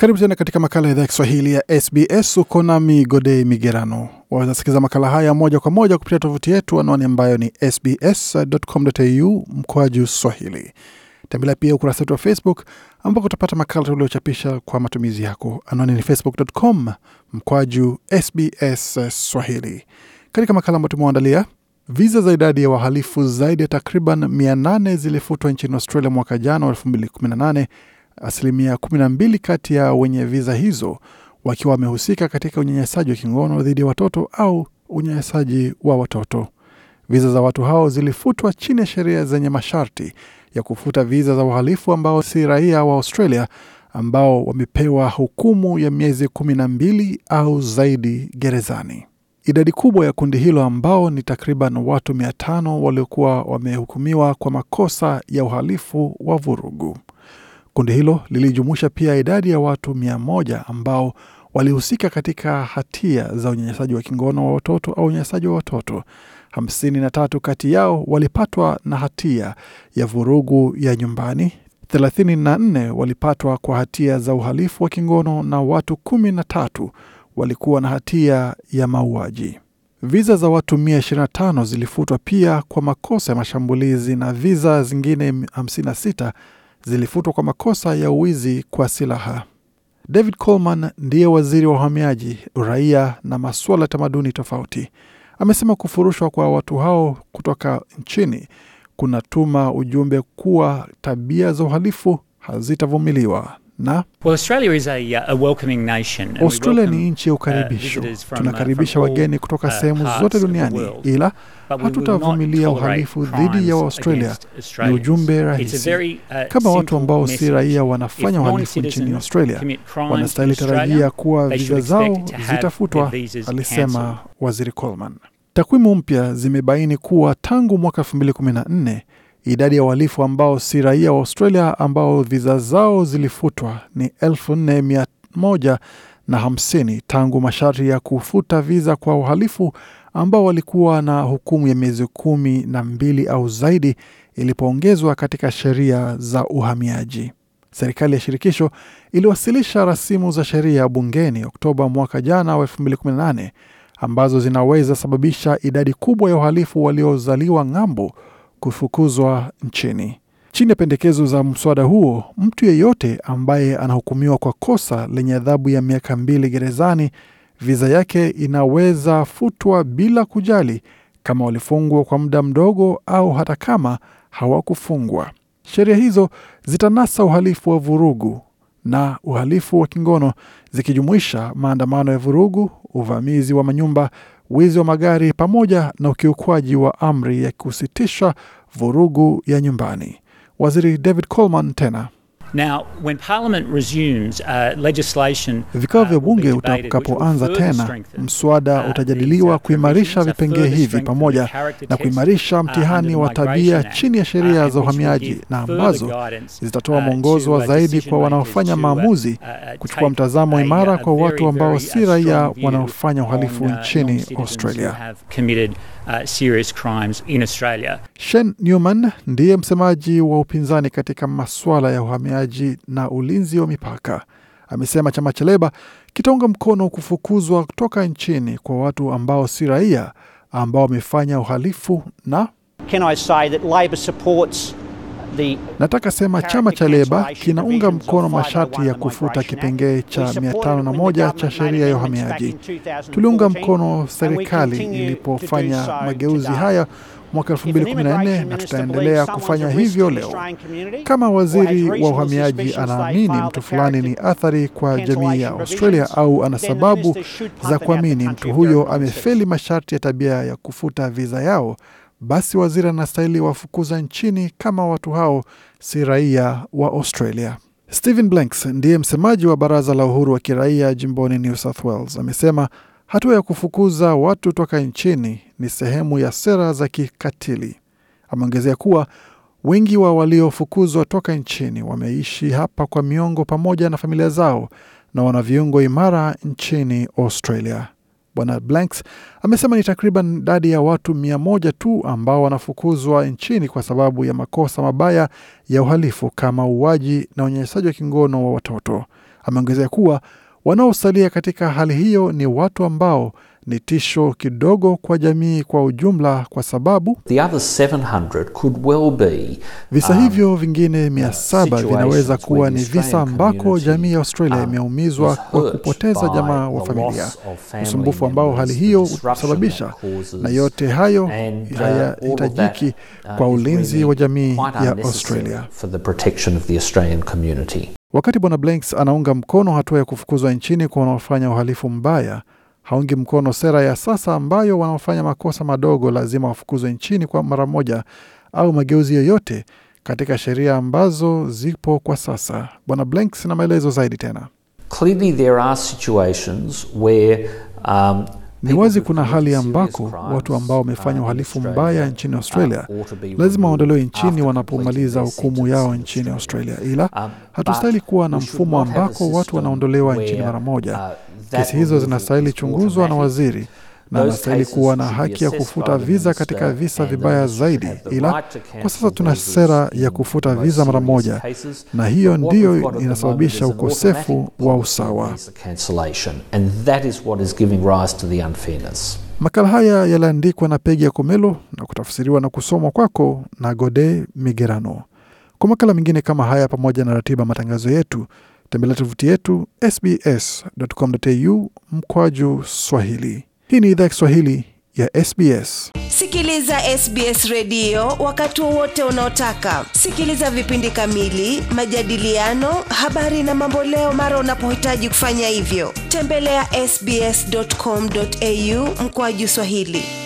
Karibu tena katika makala ya idhaa ya Kiswahili ya SBS. Uko nami Godei Migerano. Waweza sikiliza makala haya moja kwa moja kupitia tovuti yetu, anwani ambayo ni sbs.com.au mkoaju swahili. Tembelea pia ukurasa wetu wa Facebook ambako utapata makala tuliochapisha kwa matumizi yako, anwani ni facebook.com mkoaju SBS Swahili. Katika makala ambayo tumewaandalia, viza za idadi ya wahalifu zaidi ya takriban 800 zilifutwa nchini Australia mwaka jana wa asilimia 12 kati ya wenye viza hizo wakiwa wamehusika katika unyanyasaji wa kingono dhidi ya watoto au unyanyasaji wa watoto. Viza za watu hao zilifutwa chini ya sheria zenye masharti ya kufuta viza za wahalifu ambao si raia wa Australia ambao wamepewa hukumu ya miezi kumi na mbili au zaidi gerezani. Idadi kubwa ya kundi hilo ambao ni takriban watu mia tano waliokuwa wamehukumiwa kwa makosa ya uhalifu wa vurugu. Kundi hilo lilijumuisha pia idadi ya watu mia moja ambao walihusika katika hatia za unyanyasaji wa kingono wa watoto au unyanyasaji wa watoto. Hamsini na tatu kati yao walipatwa na hatia ya vurugu ya nyumbani, nne walipatwa kwa hatia za uhalifu wa kingono na watu kumi na tatu walikuwa na hatia ya mauaji. Viza za watu 125 zilifutwa pia kwa makosa ya mashambulizi na viza zingine 56 zilifutwa kwa makosa ya uwizi kwa silaha. David Coleman ndiye waziri wa uhamiaji, uraia na masuala ya tamaduni tofauti. Amesema kufurushwa kwa watu hao kutoka nchini kunatuma ujumbe kuwa tabia za uhalifu hazitavumiliwa na uh, Australia ni nchi ya ukaribisho. Uh, uh, Tunakaribisha wageni kutoka sehemu zote duniani, ila hatutavumilia uhalifu dhidi ya Waustralia. Ni ujumbe rahisi. Kama watu ambao si raia wanafanya uhalifu nchini Australia, wanastahili tarajia kuwa viza zao zitafutwa, alisema Waziri Coleman. Takwimu mpya zimebaini kuwa tangu mwaka 2014 Idadi ya uhalifu ambao si raia wa Australia ambao viza zao zilifutwa ni 450 tangu masharti ya kufuta viza kwa uhalifu ambao walikuwa na hukumu ya miezi kumi na mbili au zaidi ilipoongezwa katika sheria za uhamiaji. Serikali ya shirikisho iliwasilisha rasimu za sheria bungeni Oktoba mwaka jana wa 2018 ambazo zinaweza sababisha idadi kubwa ya uhalifu waliozaliwa ng'ambo kufukuzwa nchini. Chini ya pendekezo za mswada huo, mtu yeyote ambaye anahukumiwa kwa kosa lenye adhabu ya miaka mbili gerezani, viza yake inaweza futwa bila kujali kama walifungwa kwa muda mdogo au hata kama hawakufungwa. Sheria hizo zitanasa uhalifu wa vurugu na uhalifu wa kingono zikijumuisha maandamano ya vurugu, uvamizi wa manyumba, wizi wa magari pamoja na ukiukwaji wa amri ya kusitisha vurugu ya nyumbani. Waziri David Coleman tena Uh, Vikao vya uh, bunge utakapoanza tena, mswada uh, utajadiliwa kuimarisha vipengee hivi pamoja na kuimarisha mtihani wa tabia chini ya sheria za uhamiaji, na ambazo zitatoa mwongozo wa zaidi kwa wanaofanya maamuzi kuchukua mtazamo imara kwa watu ambao si raia wanaofanya uhalifu nchini Australia uh, serious crimes in Australia. Newman ndiye msemaji wa upinzani katika masuala ya uhamiaji na ulinzi wa mipaka. Amesema chama cha Leba kitaunga mkono kufukuzwa toka nchini kwa watu ambao si raia ambao wamefanya uhalifu na Can I say that Labor supports Nataka sema chama cha Leba kinaunga mkono masharti ya kufuta kipengee cha 501 cha sheria ya uhamiaji. Tuliunga mkono serikali ilipofanya mageuzi haya mwaka 2014 na tutaendelea kufanya hivyo leo. Kama waziri wa uhamiaji anaamini mtu fulani ni athari kwa jamii ya Australia au ana sababu za kuamini mtu huyo amefeli masharti ya tabia ya kufuta viza yao, basi waziri anastahili wafukuza nchini kama watu hao si raia wa Australia. Stephen Blanks ndiye msemaji wa baraza la uhuru wa kiraia jimboni New South Wales, amesema hatua ya kufukuza watu toka nchini ni sehemu ya sera za kikatili. Ameongezea kuwa wengi wa waliofukuzwa toka nchini wameishi hapa kwa miongo pamoja na familia zao na wana viungo imara nchini Australia. Bwana Blanks amesema ni takriban idadi ya watu mia moja tu ambao wanafukuzwa nchini kwa sababu ya makosa mabaya ya uhalifu kama uuaji na unyanyasaji wa kingono wa watoto. Ameongezea kuwa wanaosalia katika hali hiyo ni watu ambao ni tisho kidogo kwa jamii kwa ujumla, kwa sababu the other 700 could well be, visa um, hivyo vingine mia uh, saba vinaweza kuwa ni visa ambako jamii ya Australia um, imeumizwa kwa kupoteza jamaa wa familia, usumbufu ambao hali hiyo husababisha, na yote hayo uh, hayahitajiki uh, kwa ulinzi wa jamii ya Australia. Wakati Bwana Blanks anaunga mkono hatua ya kufukuzwa nchini kwa wanaofanya uhalifu mbaya haungi mkono sera ya sasa ambayo wanaofanya makosa madogo lazima wafukuzwe nchini kwa mara moja au mageuzi yoyote katika sheria ambazo zipo kwa sasa. Bwana Blanks na maelezo zaidi tena. Clearly there are situations where um, ni wazi kuna hali ambako watu ambao wamefanya uhalifu mbaya nchini Australia lazima waondolewe nchini wanapomaliza hukumu yao nchini Australia, ila hatustahili kuwa na mfumo ambako watu wanaondolewa nchini mara moja. Kesi hizo zinastahili chunguzwa na waziri na anastahili kuwa na haki ya kufuta viza katika visa uh, vibaya zaidi, ila kwa sasa tuna sera ya kufuta viza mara moja, na hiyo ndiyo inasababisha ukosefu wa usawa. Makala haya yaliandikwa na Pegi ya Komelo na kutafsiriwa na kusomwa kwako na Gode Migerano. Kwa makala mengine kama haya, pamoja na ratiba matangazo yetu, tembelea tovuti yetu sbs.com.au mkwaju Swahili. Hii ni idhaa ya Kiswahili ya SBS. Sikiliza SBS redio wakati wowote unaotaka. Sikiliza vipindi kamili, majadiliano, habari na mamboleo mara unapohitaji kufanya hivyo. Tembelea ya sbs.com.au mkoaji Swahili.